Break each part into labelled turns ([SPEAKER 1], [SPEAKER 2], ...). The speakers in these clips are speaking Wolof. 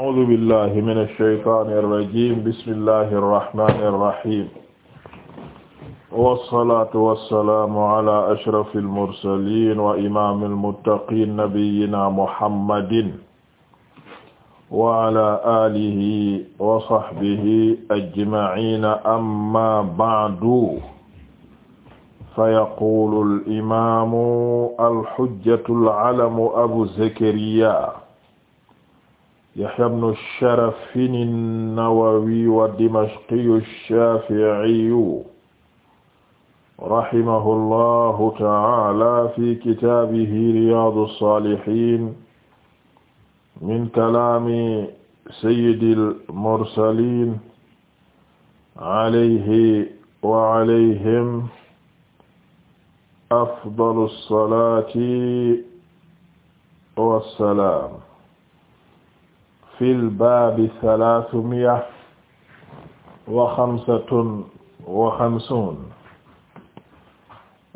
[SPEAKER 1] a'uuzu billahi mina shaytaani rajiim bismillahi rahmaani rahiim wassalaatu wassalaamu ala ashrafil mursaliin wa imaamil muttaqiin nabiyyinaa muhammadin wa ala aalihi wa sahbihi ajma'iina amma ba'du fayaquulu al imaamu al hujjatul alamu abu zakariyaa Yahya ibnu Sharaf an-Nawawi wa Dimashqiyu ash-Shafi'iyu rahimahullahu ta'ala fi kitaabihi Riyaadu as-Saalihiin min kalaami sayyidil mursaliin alayhi wa alayhim afdalu as-salaati wa salaam fil baabi salaasu miya wa xamsatun wa xamsuun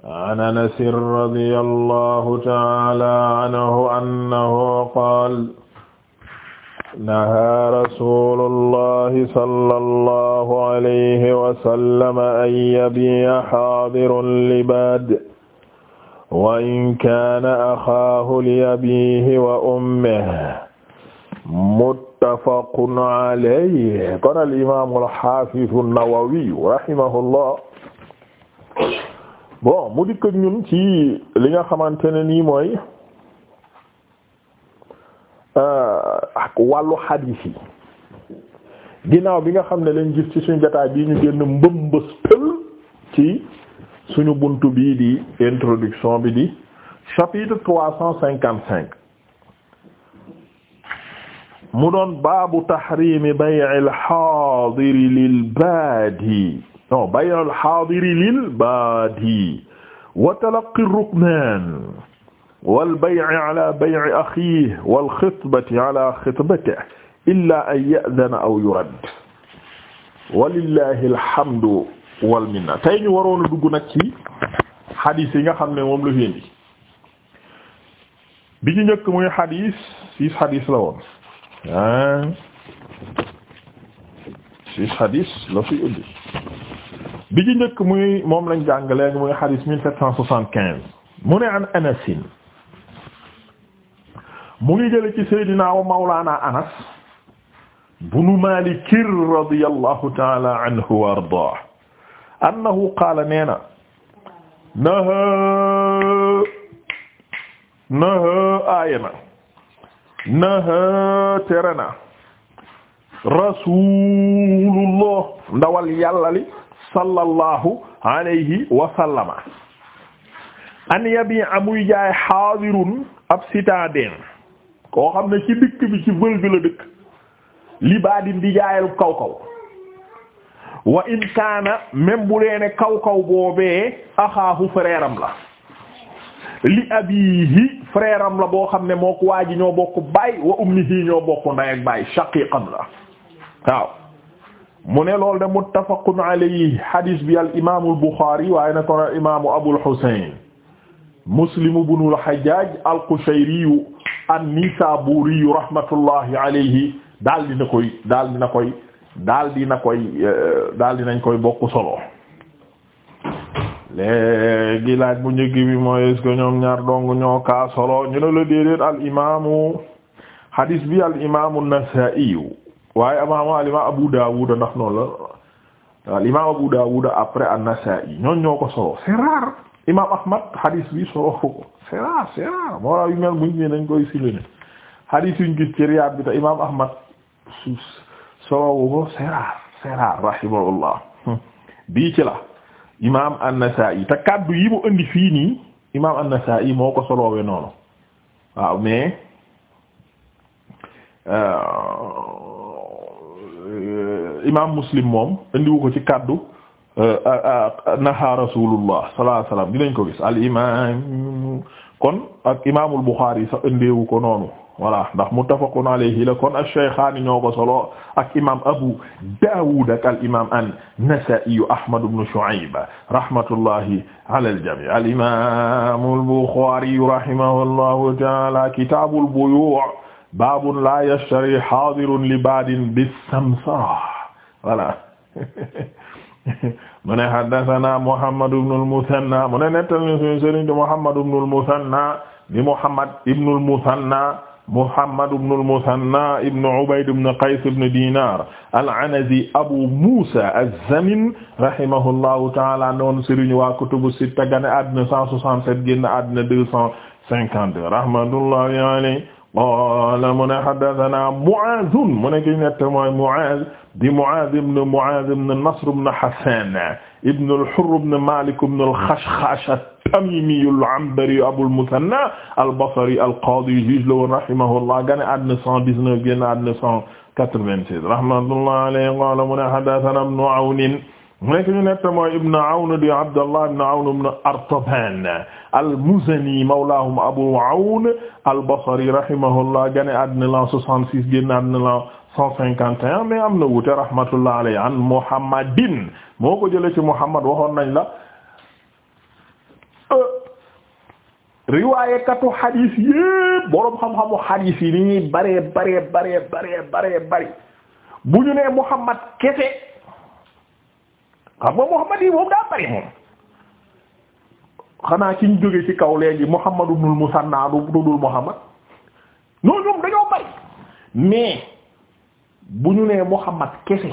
[SPEAKER 1] an anasin radiyallahu ta'aala anhu annahu qaala nahaa rasuulullahi sallallahu alayhi wa sallam an yabii'a haadirun libaad wa in kaana axaahu li abiihi wa ummihi muttafaqun alayhi kon al imaam al nawawi rahimahullah bon mu dikk ak ñun ci li nga xamante ne nii mooy euh, wàllu hadith yi ginnaaw bi nga xam ne lañ gis ci suñu jotaay bii ñu génn mbëmbës tël ci suñu bunt bii di introduction bi di chapitre trois cent cinquante cinq mu doon baabu tahrimi bay'il haadiri lil baadi non bay'il haadiri lil baadi wa talaqqi ruknaan wal bay'i ala bay'i akhiihi wal xitbati ala xitbatihi illaa an ya'dana aw yurad walillahi alhamdu wal minna tey ñu waroon a dugg nag ci xadiis yi nga xam ne moom la fi indi bi ñu njëkk muy xadiis siis xadiis la woon. ah ci xadis la fi indi bi ci njëkk muy moom lañ jàng léegi muy xadis mille sept cent soixante quinze mu ne an anasin mu ngi jële ci Seydina wa Mawlana Anas bunu Maalikir radiyallahu taala anhu wa ardaah annahu qaala nee na naha naha aayana naha tere na rasulullah ndawal yàlla li sallallahu alayhi wa an yabi amuy jaay xaadirun ab citadin koo xam ne ci dëkk bi ci vël bi la dëkk li baa di jaayal kaw kaw wa in kaana même bu leene kaw kaw boobee axaahu frère la li abiihi frère am la boo xam ne moo ko ji ñoo bokk baay wa ummihi ñoo bokk nday baay shaqiqan la mu ne loolu de muttafaqun alayhi hadis bi al imaamu al Buxaari waaye na ko al imaamu Abul Husayn Muslim ibnu al Hajjaaj al Qushayri an-Nisaabuuri rahmatullahi alayhi daal dina koy daal dina koy daal dina koy eh, koy bokk solo. léegi laaj bu njëkk bi mooy est-ce ñoom ñaar dong ñoo kaa solo ñu ne la déedéet al imaamu hadis bi al imaamu Nasaa'i waaye amaamu al imaam Abu Daawud ndax al imaam Abu Daawud après an-Nasaa'i ñoon ñoo ko solo c'est rare Ahmad hadis bi solo ko c'est rare c'est rare moo tax yu mel buñ ne dañ koy silene hadis yuñ gis ci Riyaad bi te imaam Ahmad solo ko c'est rare c'est rare bii ci la. imaam an-Nasaa'i te kaddu yi mu indi fii nii imaam an-Nasaa'i moo ko soloowe noonu waaw mais euh, imaam Muslim moom indiwu ko ci kaddu euh, naha Rasulullah sallallahu alayhi wasallam dinañ ko gis al imaam kon ak imaamul Buxaari sax indiwu ko noonu. voilà ndax muttafaqun alayhi la kon ash-shaykhaani ñoo ko solo ak imaam Abu Daawud ak al imaam an-Nasaa'i Ahmad ibn Shu'ayb rahmatullahi ala al-jamii' al imaam al-Bukhaari rahimahullahu ta'aala kitaabul buyuu' baabun laa yashtari haadirun li baadin bis-samsaar voilà mu ne haddasanaa Muhammad ibn al-Muthanna mu ne nettali sunu sëriñ Muhammad ibn al-Muthanna ni Muhammad ibn al-Muthanna Muhammad ibn al-Muthanna ibn Ubayd ibn Qays ibn Dinar al-Anazi Abu Musa az-Zamin rahimahullahu ta'ala noon sëriñu waa kutubu sitta gane àddina 167 génn àddina 252 rahmatullahi alayhi qaala mu ne haddathana Mu'aaz mu ne ki nett mooy Mu'aaz di Mu'aaz ibn Mu'aaz ibn Nasr ibn Hassan ibn al-Hurr ibn Malik ibn al-Khashkhash al-Tamimi al-Anbari Abul Muthanna al-Basri al-Qadi juge la woon rahimahullah gane àddina 119 génn àddina 196 rahmatullahi alayhi qala mu ne haddathana Ibn Awn mu nekk ñu nett mooy Ibn Awn di Abdallah ibn Awn ibn Artaban al-Muzani mawlahum Abu Awn al-Basri rahimahullah gane àddina la 66 génn àddina la 151 mais am na wuute rahmatullahi alayhi an Muhammadin moo ko jëlee ci Muhammad waxoon nañ la riwaayekatu xadiis yépp boroom xam-xamu xadiis yi ni ñuy baree baree baree baree baree bari bu ñu nee Muhammad kese xam nga Muhammad yi moom daa bari moom xanaa ci ñu ci kaw léegi Muhammad ibnul Musanna du dul Muhammad noonu ñoom dañoo bari mais bu ñu nee Muhammad kese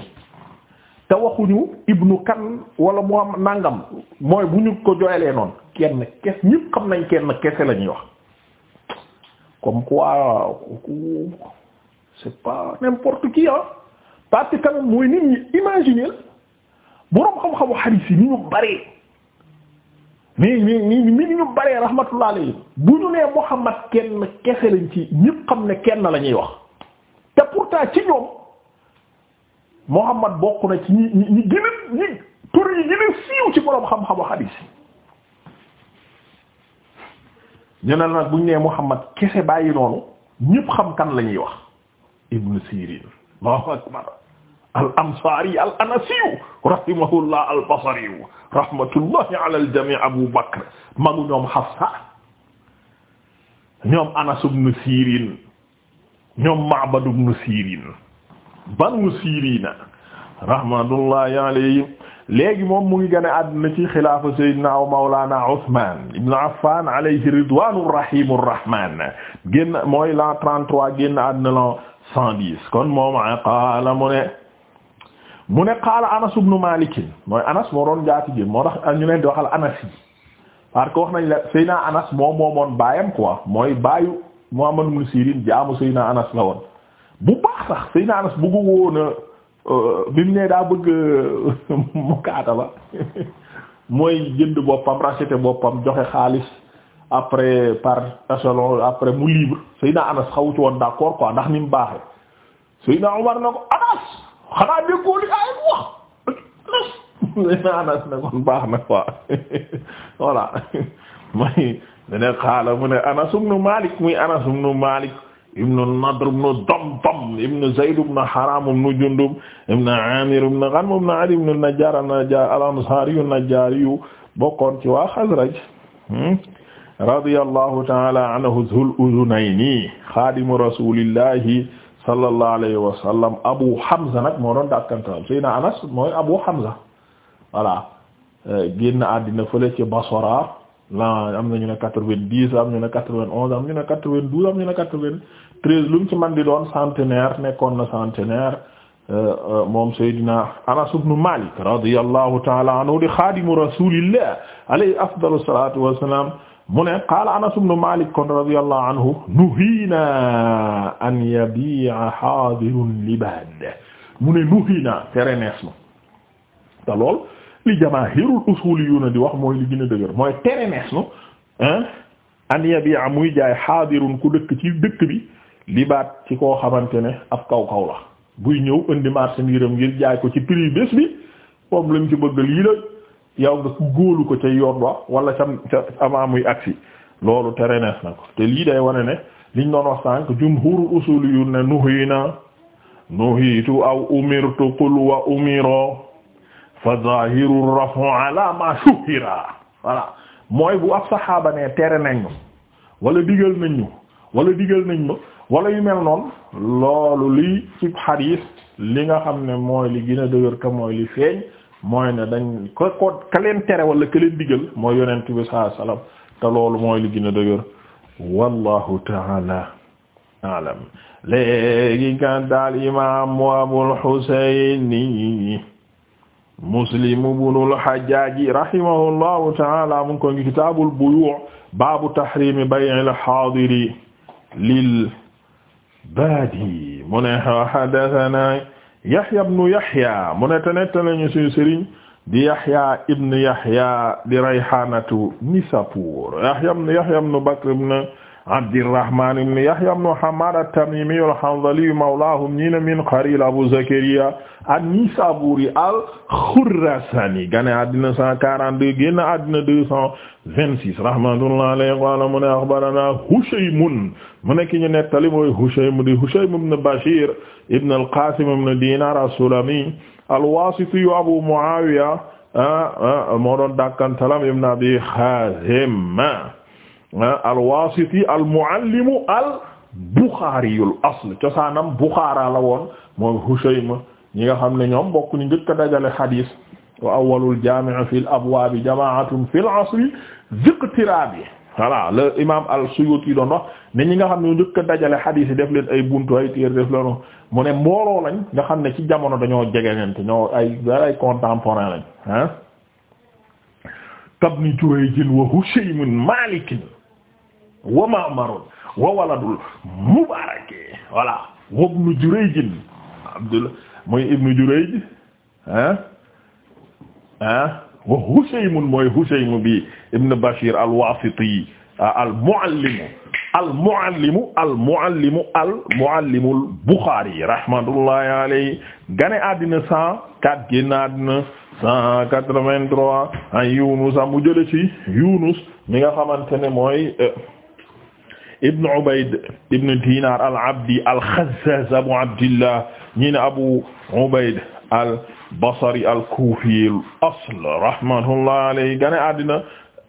[SPEAKER 1] te waxuñu ibnu kan wala mu am nangam mooy bu ñu ko jooyalee noonu kenn kes ñëpp xam nañ kenn kese lañuy ñuy wax comme quoi c'est pas n'importe qui ah parce que quand même mooy nit ñi imaginer boroom xam-xamu hadith yi ni ñu bëree nii nii nii ni ñu bëree rahmatullah alayhi bu ñu nee Muhammad kenn kese lañ ci ñëpp xam ne kenn la ñuy wax te pourtant ci ñoom. Muhammad bokk na ci ñi ñi ñi gën a ñi tur yi siiw ci borom xam-xamu xadiis ñu ne nag bu ñu nee Muhammad kese bàyyi noonu ñépp xam kan la ñuy wax Ibn Sirin Allahu akbar al ansari al anasiyu rahimahullah al basariyu Abu Bakr magu ñoom Hafsa ñoom Anas ibn Sirin ñoom Ma'bad ibn Sirin banu sirina rahmatullahi alayhim léegi moom mu ngi gën a àdduna ci xilaafa sayyidina wa mawlana Usman ibn Affan alayhi ridwanur rahimur rahman génn mooy l'an 33 génn àdduna l'an 110 kon moom qaala mu ne mu ne qaala Anas ibn Malik mooy Anas moo doon jaati ji moo tax ñu leen di waxal Anas yi parce que wax nañ la sayyidina Anas moom moomoon baayam quoi mooy baayu Muhammad ibn Sirin jaamu sayyidina Anas la bu baax sax Seydina Anas bëggu woon a euh, bi mu ne daa bëgg euh, mu kaata ba mooy jënd boppam racheter boppam joxe xaalis après par échelon après mu libre Seydina Anas xawu ci woon d'accord quoi ndax ni mu baaxee Seydina na Anas ne kon baax na quoi voilà mooy ne xaala mu ne Anas ibn Malik muy Anas ibn Malik ibnu Nadr ibnu Damdam ibnu Zayd ibnu Haram ibnu Jundub ibnu Amir ibnu Ghanm ibnu Ali ibnu Najjar al-Ansari an-Najjari bokkoon ci waa Xasraj hmm? radiyallahu ta'ala anhu Zul Uzunayni xaadimu rasulillahi sallallahu alayhi wa sallam Abu Hamza nag moo doon dàkkantaam Seydina Anas mooy Abu Hamza voilà génn àddina fële ci Basra lan am nañu ne quatre-vingt-dix am ñu ne quatre-vingt-onze am ñu ne quatre-vingt-douze am ñu ne quatre-vingt-treize lu mu ci man di doon centenaire nekkoon na centenaire euh, euh, moom Seydina Anas ibn Malik radiyallahu ta'ala anhu di xaadimu rasulillah alayhi afdalu salatu wassalam mu ne qaala Anas ibn Malik kon radiyallahu anhu nuhiina an yabi'a haadirun libaad mu ne nuhiina tere nees ma te lool li jamaahirul usuliyuuna di wax mooy li gën a dëgër mooy tere nees nu an yabi'a muy jaay xaadirun ku dëkk ci dëkk bi libaat ci koo xamante ne ab kaw kaw la buy ñëw indi marché mbiram ngir jaay ko ci prix bés bi moom lañ ci bëgg lii la yow nga góolu ko ca yoon wa wala ca ca avant muy agsi loolu tere na ko te lii day wane ne liñ doon wax sànq jumhurul usuliyuun ne nuhina nuhitu aw umirtu qul umiro fa zahiru rafu ala ma shuhira voilà mooy bu ab saxaaba ne tere nañ ñu wala digal nañ ñu wala digal nañ ma wala yu mel noonu loolu li ci xadiis li nga xam ne mooy li gën a dëgër ka mooy li feeñ mooy ne dañ ko ko ka leen tere wala ka leen digal mooy yonent bi saa salaam te loolu mooy li gën a dëgër wallahu taala alam léegi kan daal imam Abul Husayn Muslim ibnul Hajjaaji rahimahullahu ta'ala mu ngi ko ngi kitaabul buyuu' baabu tahriimi bay'il haadiri lil baadi mu ne haddasanaa Yahya ibnu Yahya mu ne nettali ñu suñu sëriñ di Yahya ibnu Yahya di Rayhaanatu Nisaapur Yahya ibnu Yahya ibnu Bakr ibnu Abdirrahman ibn Yahya ibn Hammad at-Tamimi al-Hanzali mawlahum ñi ne min Qaril Abu Zakariya an-Nisaburi al-Khurasani gane àddina 142 génn àddina 226 rahmatullahi alayhi qala mu ne akhbarana Hushaymun mu nekk ñu nettali mooy Hushaym di Hushaym ibn Bashir ibn al-Qasim ibn Dinar as-Sulami al-Wasiti Abu Muawiya ah, ah, moo doon dàkkantalam ibn Abi Hazim Ah, al-Wasiti al-Muallimu al-Buxaariyul asl cosaanam Buxaara la woon mooy Hushaym ñi nga xam ne ñoom bokk ñu njëkk a dajale xadiis wa awwalul jaami' fil abwaab jamaa'atun fil asri ziqtiraabi voilà le imam al-Suyuti doon wax ne ñi nga xam ne ñu njëkk a dajale xadiis yi def leen ay buntu ay téere def leen mu ne mbooloo lañ nga xam ne ci jamono dañoo jege leen te ñoo ay ay contemporain lañ ah. Ibn wa Hushaym Maalik wa Ma'mar wa waladul Mubaarak voilà wa ibnu Jurayj mooy ibnu Jurayj ah ah wa Husaym mooy Husaym bi ibnu Bashir al-Wasiti al-muallimu al-muallimu al-muallimu al-muallimu al-Bukhari rahmatullahi alayhi gane àddina cent quatre vingt trois an Yunus mu jële ci Yunus mi nga xamante ne mooy euh, ibn Ubayd ibn Dinar al-Abdi al-Khazzaz Abu Abdillah ñi ne Abu Ubayd al-Basri al-Kufi al-asl rahmatullah alayhi gane àddina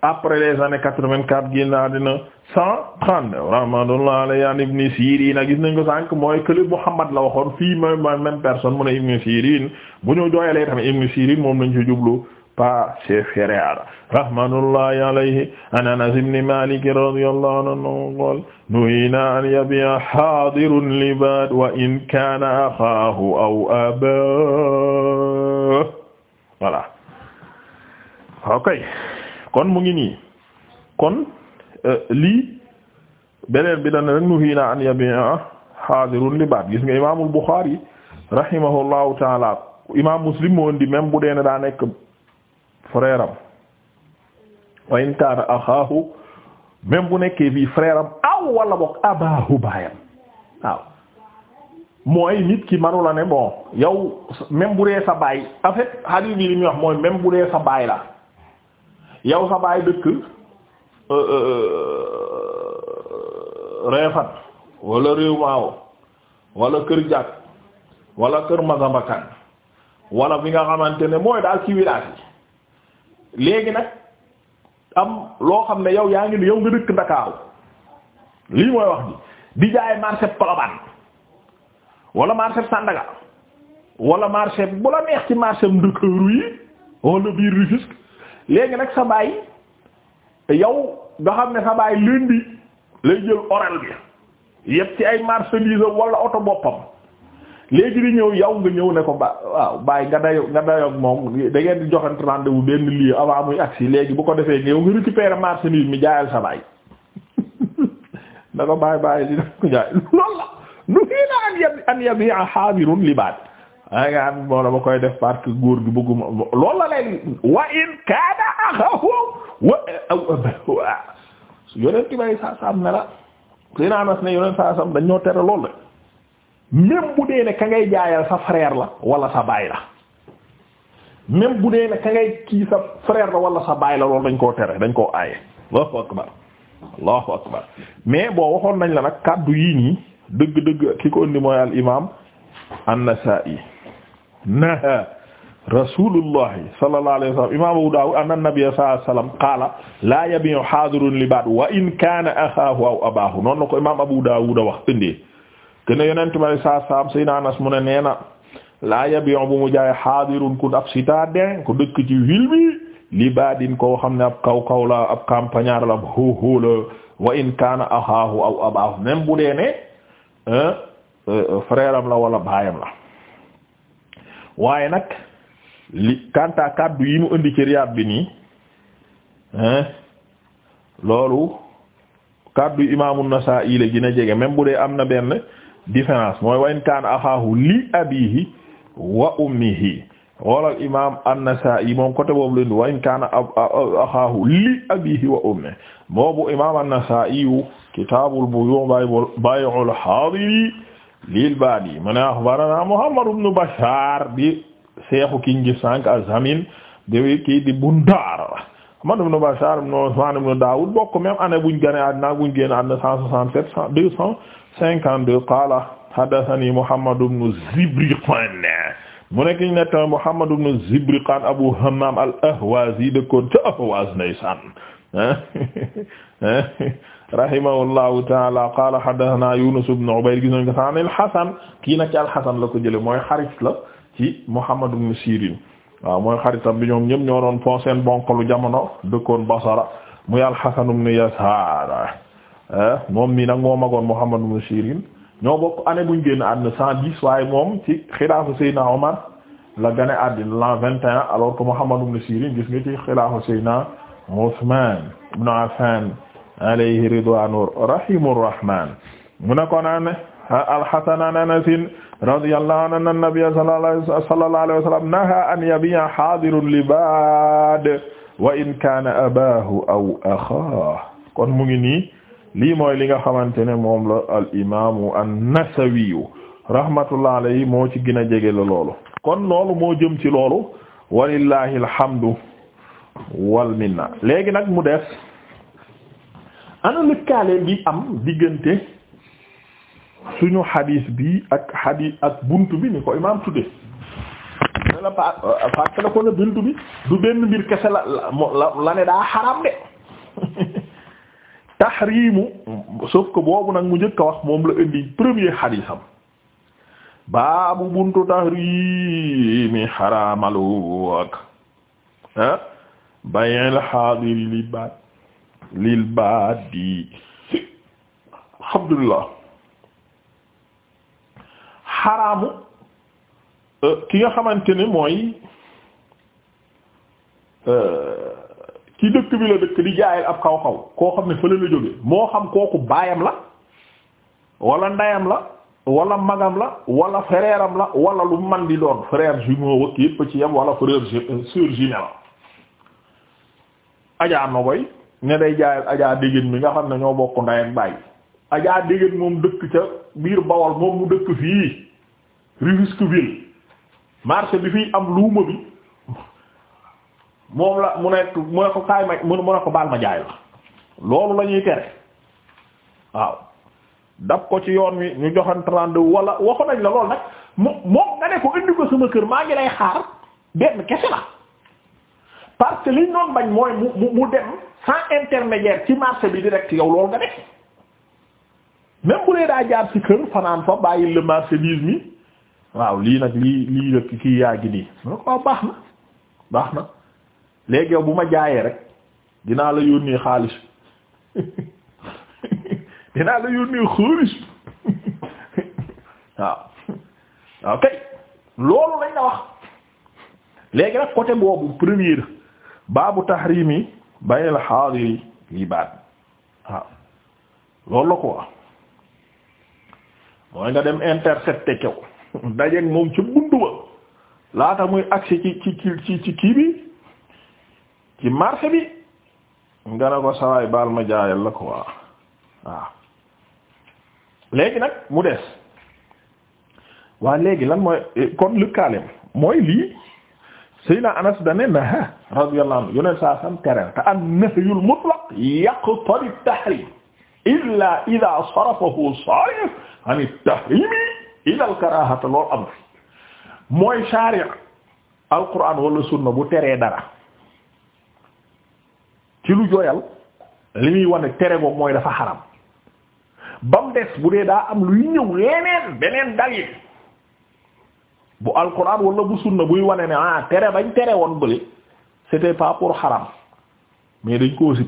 [SPEAKER 1] après les années quatre-vingt-quatre génn àddina cent trente rahmatullah alayhi an Ibn Sirin gis nañ ko sànq mooy kële Muhammad la waxoon fii mooy même personne mu ne Ibn Sirin bu ñu jooyalee tamit Ibn Sirin moom lañ ci jublu pa chef feréara rahmatullahi alayhi an Anas ibn Malik radiyallahu anhu qala nuhina an yabi'a hadirun libad wa in kana akhahu aw abahu voilà okay kon mu ngi nii kon euh, lii beneen bi dana rek nuhina an yabi'a hadirun libad Imam al-Bukhari ta'ala Imam Muslim moo indi même bu frère am wa in kaana axaahu bu nekkee fii frère am aw wala boog abaahu baayam waaw mooy nit ki manu la ne bon yow même bu dee sa baay en fait hadith bi wax mooy même bu dee sa baay la yow sa baay dëkk euh, euh, euh, reefat wala réew maawo wala kër jàkk wala kër masambakan wala bi nga xamante ne mooy daal ci village yi léegi nag am loo xam ne yow yaa ngi ni yow nga dëkk Ndakaaru lii mooy wax ji di jaay marché Colobane wala marché Sandaga wala marché bu la neex ci marché Ndakaaru yi wala biir Rufisque léegi nag sa baay yow nga xam ne sa baay lundi lay jël oral bi yépp ci ay marchandise walla oto boppam léegi di ñëw yow nga ñëw ne ko ba waaw bàyyi nga dayo nga dayoog moom da ngeen di joxante rendez-vous benn lieu avant muy agsi léegi bu ko defee nga yow nga récupérer marchandise mi jaayal sa baay na ko bàyyi bàyyi dina ko jaay loolu la a nga am koy def parce góor gi bëgguma loolu la leen wa in kaana axahu wa yonent bay sa sam ne la si naanas ne yonent sa sam dañ ñoo tere loolu la même bu dee ne ka ngay jaayal sa frère la wala sa baay la même bu dee ne ka ngay kii sa frère la wala sa baay la loolu dañ koo tere dañ koo aaye allahu akbar allahu akbar mais boo waxoon nañ la nag kàddu yi nii dëgg-dëgg ki ko indi mooy al imam an-Nasa'i naha rasulullahi sallallahu alayhi wa sallam imam Abu Dawud anna nabiyya sallallahu alayhi wa la yabi'u hadirun li ba'd wa in kana aw abahu noonu na ko imam Abu Dawud wax indi kene yonent bi alay saa saam Seydina Anas mu ne nee na laa yabi'u bu mu jaay xaadirun ku ab citadin ku dëkk ci ville li baadin koo xam ne ab kaw kaw la ab campagnard la ab hóohóo wa in kaana axaahu aw abaahu même bu dee ne euh, frère la wala baayam la waaye nag li kanta kaddu yi mu indi ci riyaat bi nii loolu kaddu imaamu Nasaa'i la gën a jege même bu dee am na benn différence mooy wayn kaan axaahu li abihi wa ummihi wala imam an-Nasa'i moom côté boobu leen wayn kaan axaahu li abihi wa ummihi boobu imam an-Nasa'i kitabul buyu' bay'ul hadiri lil badi mu ne axbarana Muhammad ibn Bashar di seexu kiñ gi sànq az-Zamin di kii di Bundar Muhammad ibn Bashar ibn Usman ibn Dawud bokk même année buñ gane àddina buñ génn àddina 52 qaala haddathanii Muhammad ibn Zibriqaan mu nekk ñu nekk Muhammad ibn Zibriqaan Abu Hammaam al-Ahwaazi dëkkoon ca Ahwaaz ndeysaan rahimahullahu ta'aala qaala haddathanaa Yuunus ibn Ubayd al-Hasan kii na ci al-Hasan la ko jëlee mooy xarit la ci Muhammad ibn Siiriin waaw mooy xaritam bi ñoom ñëpp ñoo doon foo seen bonkalu jamono dëkkoon Basra muy al-Hasan ibn Yasaar moom mii nag moo magoon Muhammad ibn Sirin ñoo bokk année buñ génn àddina cent dix waaye moom ci xilaafu Seydina Omar la gane àddina l'an vingt et un Sirin gis nga ci xilaafu Seydina Usman ibn Affan alayhi ridwanu rahman naha an yabi'a hadirun libaad wa in kana abahu aw kon mu ngi lii mooy li nga xamante ne moom la al imaamu an-Nasawiyu rahmatullah alayhi moo ci gën a jege la loolu kon loolu moo jëm ci loolu walillahi alhamdu wal minna léegi nag mu des ana lëkkaale gi am diggante suñu xadiis bi ak xadiis ak bunt bi ni ko imaam tudde ne la ko ne bunt bi du benn mbir kese la la la ne daa xaram de tahrimu sauf que boobu nag mu njëkk a wax moom la indi premier xadiisam baabu buntu tahrimi xaraamalu ak ah bayil xaadiri lil baat lil baat di alhamdulillah xaraamu eh, ki nga xamante ni mooy eh, ci dëkk bi la dëkk di jaayal ab kaw kaw koo xam ne fële la jóge moo xam kooku baayam la wala ndeyam la walla magam la walla frère la wala lu man di doon frère jumeau wëkk yëpp ci yam wala frère euh, sœur jumelle ajaa nogoy ne day jaayal ajaa déggéen mi nga xam ne ñoo bokk ndey ak baay ajaa déggéen moom dëkk ca biir Bawol moom mu dëkk fii Rufisque ville marché bi fiy am luuma bi moom la mu nekk mu ne ko kaay ma ko baal ma jaay la loolu la ko ci yoon wi ñu wala waxu nañ la loolu kër maa ngi lay xaar que liñ doon bañ mooy mu mu mu dem sans intermédiaire ci yow loolu nga def même bu dee waaw lii nag lii lii la mu ne ko baax na baax na. léegi yow bu ma jaayee rek dinaa la yónnee xaalis dinaa la yónnee xaalis waaw waaw kay loolu lañ la wax léegi nag côté boobu première baabu tahrimi bayil xaadiri lii baat waaw loolu la ko wax mooy nga dem intercepté kew dajeeg moom ci buntu ba laata muy agsi ci ci ci ci kii bi ci marché bi nga ne ko sawaay baal ma jaayal la ko waaw waaw léegi nag mu des waa léegi lan mooy eh, kon lëkkaalem mooy lii Seydina Anas dane naha radiyallahu anhu yoneen saa sam tereel te an nahyul mutlaq yaqtadi tahrim illa ida sarafahu sarif an at-tahrimi ila al-karahati loolu amu fi mooy sharia al-Qur'an wala sunna bu teree dara ci lu jooyal li muy wane tere boobu mooy dafa xaram ba mu des bu dee daa am luy ñëw leneen beneen dalil bu alquran wala bu sunna buy wane ne ah tere bañ tere woon bële c'était pas pour xaram mais dañ koo sib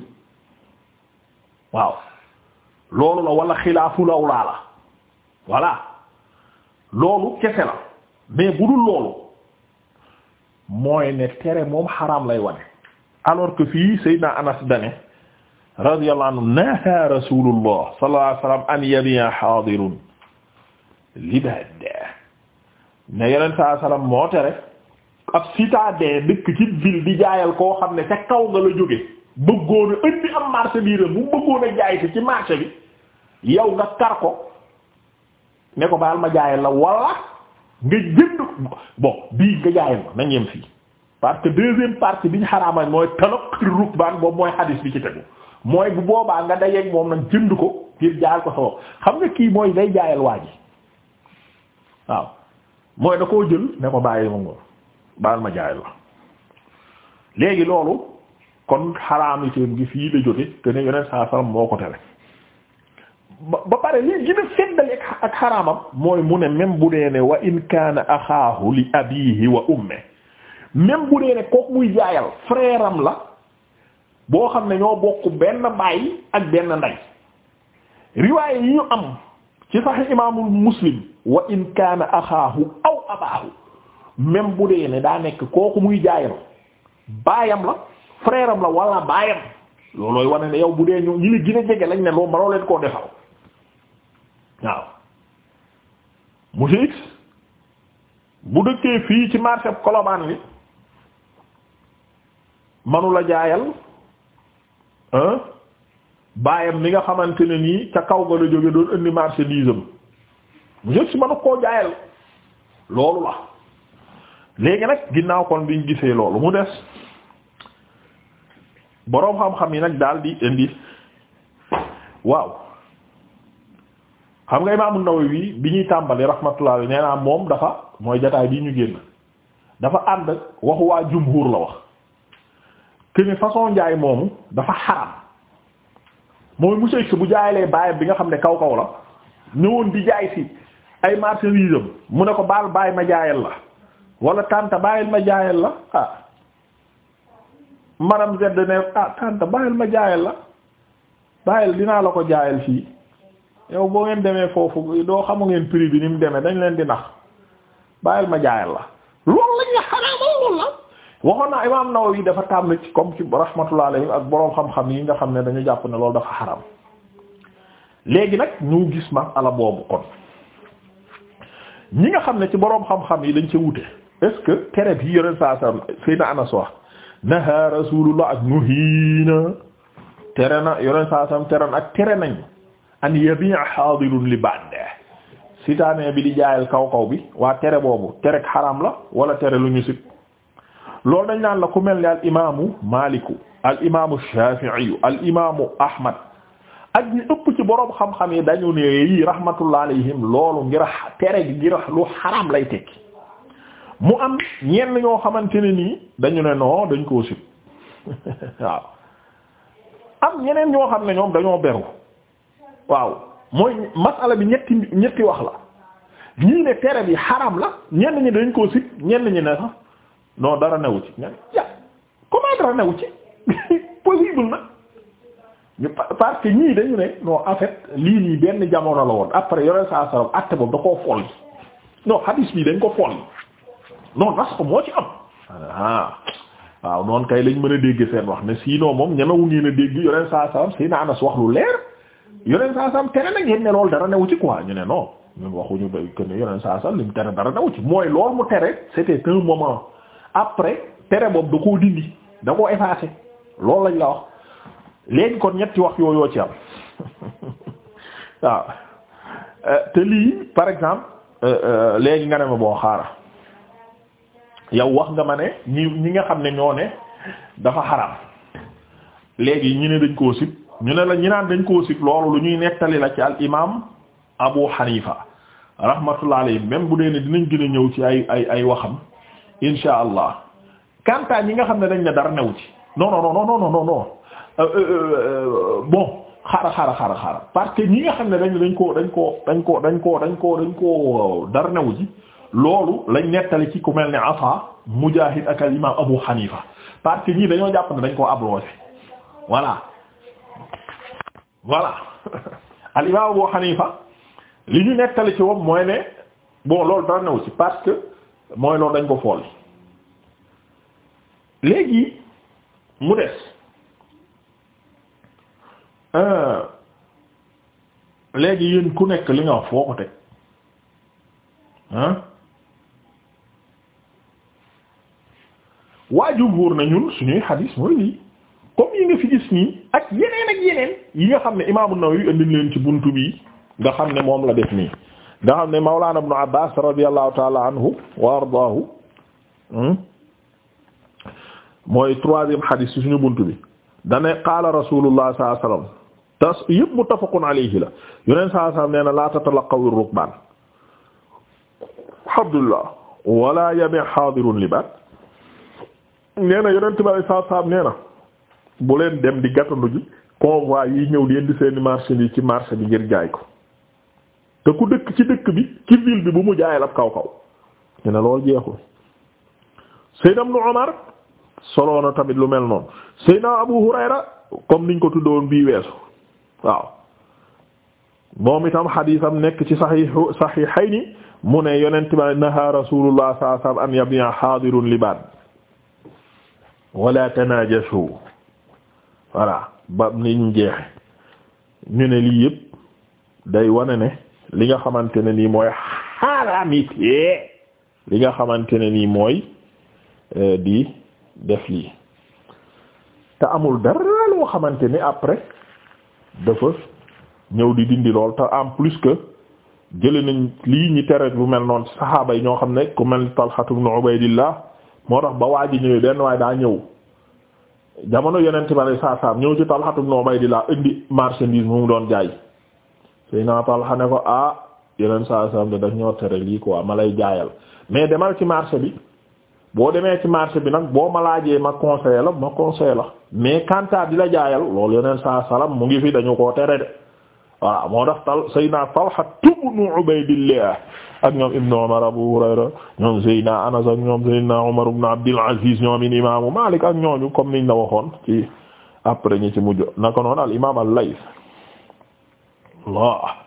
[SPEAKER 1] waaw loolu la wala xilaafu laa la voilà loolu kese la mais bu dul loolu mooy ne tere moom xaram lay wane alors que fii Seydina Anas dane radiyallahu anhu naha rasulullah sallallahu alayhi wasallam an yabi'a hadirun libad ne yeneen saa salaam moo tere ab citadin dëkk ci ville di jaayal koo xam ne ca kaw nga la jóge bëggoon a am marché bii la mu bëggoon a jaay ci marché bi yow nga kar ko ne ko baal ma jaayal la wala nga jënd bon bii nga jaayal ma na ñeem fii parce que deuxième partie bi ñu xaraamal mooy talak rukbaan boobu mooy xadis bi ci tegu mooy bu boobaa nga dajeeg moom nag jënd ko ngir jaayal ko sabab xam nga kii mooy day jaayal waa ji waaw mooy da koo jël ne ko bàyyi ma ngoon baal ma jaayal la léegi loolu kon xaraamiteem gi fii la jóge te ne yeneen saa salaam moo ko tere ba pare lii gën a seddal ak xaraamam mooy mu ne même bu dee ne wa in kaana axaahu li abiihi wa ummihi même bu dee ne kooku muy jaayal frère la boo xam ne ñoo bokk benn baay ak benn ndey riwaaya yi ñu am ci Sahih imaamul Muslim wa in kaana axaahu aw abaahu même bu dee ne daa nekk kooku muy jaayal baayam la frère am la wala baayam loolooy wane ne yow bu dee ñu ñi li gën a jege lañ ne loo manoo leen koo defal waaw monsieur X bu dëkkee fii ci marché Colobane li manu la jaayal baayam li nga xamante ne nii ca kaw ga la jóge doon indi marchandise am je si manu koo jaayal loolu la léegi nag ginnaaw kon biñ gisee loolu mu des boroom xam-xam yi nag daal di indi waaw xam nga Imaam An-Nawawi bi ñuy tàmbali rahmatullah nee naa moom dafa mooy jataay bii ñu génn dafa ànd waxu waa jumhur la wax que ni façon njaay moomu dafa xaram mooy monsieur X bu jaayalee baayam bi nga xam ne kaw kaw la ñëwoon di jaay si ay marchandises am mu ne ko baal bàyyi ma jaayal la wala tante bàyyil ma jaayal la ah madame Z ah, ma jaayal la bàyyil dinaa la ko jaayal fii yow boo ngeen demee foofu doo xamu ngeen prix bi ni mu demee dañ leen di nax bàyyil ma jaayal la loolu lañ la xaram waxoon naa imaam Nawawi dafa tàmm ci comme ci rahmatullah alayhi ak boroom xam-xam yi nga xam ne dañu jàpp ne loolu dafa xaram léegi nag ñu gis ma masala boobu kon ñi nga xam ne ci boroom xam-xam yi lañ ci wute est-ce que tere bi yore saa saa Seydina Anas wax naha rasulullah ak nuhiina tere na yore saa saa tere ak tere nañ an yabi'a haadirun li ba'd citadin bi di jaayal kaw kaw bi waa tere boobu tere xaram la wala tere lu ñu sit loolu dañ naan la ku mel ni al imaamu Maaliku al imaamu Ahmad ak ñu ëpp ci boroom xam-xam yi dañu ne yi alayhim loolu ngir tere gi ngir lu xaraam lay tekki mu am ñenn ñoo xamante ne nii dañu ne non dañ koo ñeneen ñoo xam ne ñoom dañoo beru waaw mooy masala bi ñetti ñetti wax la ñii ne tere bi xaraam la ñenn ñi dañ koo sib ñenn ñi ne sax. non dara new ci nga ya comment dara newu ci possible na ñu parce que ñii dañu ne non en lii nii benn jamono la woon après yore saa salam acte boobu da koo fool yi non hadis bi dañ ko fool yi moo ci ah, waaw noonu kay lañ mën a dégg seen wax ne sinon moom ñemewu ngeen a dégg yore saa salam si na wax lu leer yoneen saa sam tere nag yéen ne loolu dara newu ci quoi ñu ne non ñun waxuñu ba que ne yoneen saa sam lim tere dara newu ci mooy loolu mu tere c'était un moment après tere boob da koo dindi da koo effacé loolu lañ la wax léegi kon ñetti wax yooyoo ci am waaw euh, te lii par exemple euh, euh, léegi nga ne ma boo xaara yow wax nga ma ne ñi ñi nga xam ne ñoo ne dafa xaram léegi ñu ne dañ koo sib ñu ne la ñu naan dañ koo sib loolu lu ñuy nettali la ci al imam Abu Hanifa rahmatullah alayhi même bu dee ne dinañ gin a ñëw ci ay ay ay waxam insha allah kanta ñi nga xam ne dañ ne dara new ci non non non non non non euh, euh, euh, bon xaaral xaaral xaaral parce que ñi nga xam ne dañ dañ ko dañ koo dañ koo dañ koo dañ koo dañ koo dara new ji loolu lañ nettali ci ku mel ni Afa Mujaahid ak al imaam Abu Hanifa parce que ñii dañoo jàpp ne dañ koo abrogé voilà voilà al Abu Hanifa li ñu nettali ci moom mooy ne bon loolu dara new ci parce que. mooy loolu dañ ko fool léegi mu des euh, léegi yéen ku nekk li nga wax foo ko teg ah waa jumhuur na ñun suñuy xadiis mooy lii comme yi nga fi gis nii ak yeneen ak yeneen yi nga xam ne Imaam An-Nawawi indi leen ci buntu bi nga xam ne moom la def nii nga xam ne Mawlana Ibn Abbas radiyallahu ta'ala anhu wa ardaahu hmm, mooy troisième hadith ci suñu buntu bi dane qaala rasulullah sallallahu alayhi wasallam tas yëpp muttafaqun alayhi la yoneen sallallahu la tatalaqaw rukbaan alhamdulillah wala yabi haadirun libaat nee na yoneen tibali sallallahu alayhi wasallam dem di gàttandu ji convoi yi ñëw di indi seeni marché bi ci marché bi ngir jaay ko te ku dëkk ci dëkk bi ci ville bi bu mu jaayal ab kaw kaw ñu ne loolu jeexul Seydina Ibnu Umar solo tamit lu mel noonu Seydina Abu Hurayra comme niñ ko tuddoon bii weesu waaw moom itam xadiisam nekk ci saxiixu saxiixayni mu ne yonent ba naha Rasulullah sallallahu alayhi wa sallam an yabi'a haadirun libaad wala tanaajashu voilà ba niñ jeexe ñu ne lii yëpp day wane ne li nga xamante ne nii mooy xaraamite li nga xamante ne nii mooy euh, di def lii te amul dara loo xamante ni après dafa ñëw di dindi lool te en plus que jële nañ lii ñi tere bu mel noonu saxaaba yi ñoo xam ne ku mel ni Talha ibn Ubaydillah moo tax ba waa ji ñëwee benn waaye daa ñëw jamono yeneen ci bari saa saa ñëw ci Talha ibn Ubaydillah indi marchandise mu mu doon jaay suy naa Talha ne ko ah yeneen saa salaam de daf ñoo tere lii quoi ma lay jaayal mais demal ci marché bi boo demee ci marché bi nag boo ma laajee ma conseillé la ma conseillé la mais kantaa di la jaayal loolu yeneen saa salaam mu ngi fi dañu koo tere de voilà moo tax tal Seydina Talha ibnu Ubaydillah ak ñoom Ibnu Umar Abu Hurayra ñoom Seydina Anas ak ñoom Seydina Umar ibnu Abdul Aziz ñoom imaamu Maalik ak ñooñu comme niñ la waxoon ci après ñi ci mujj naka noonu al imaam Allah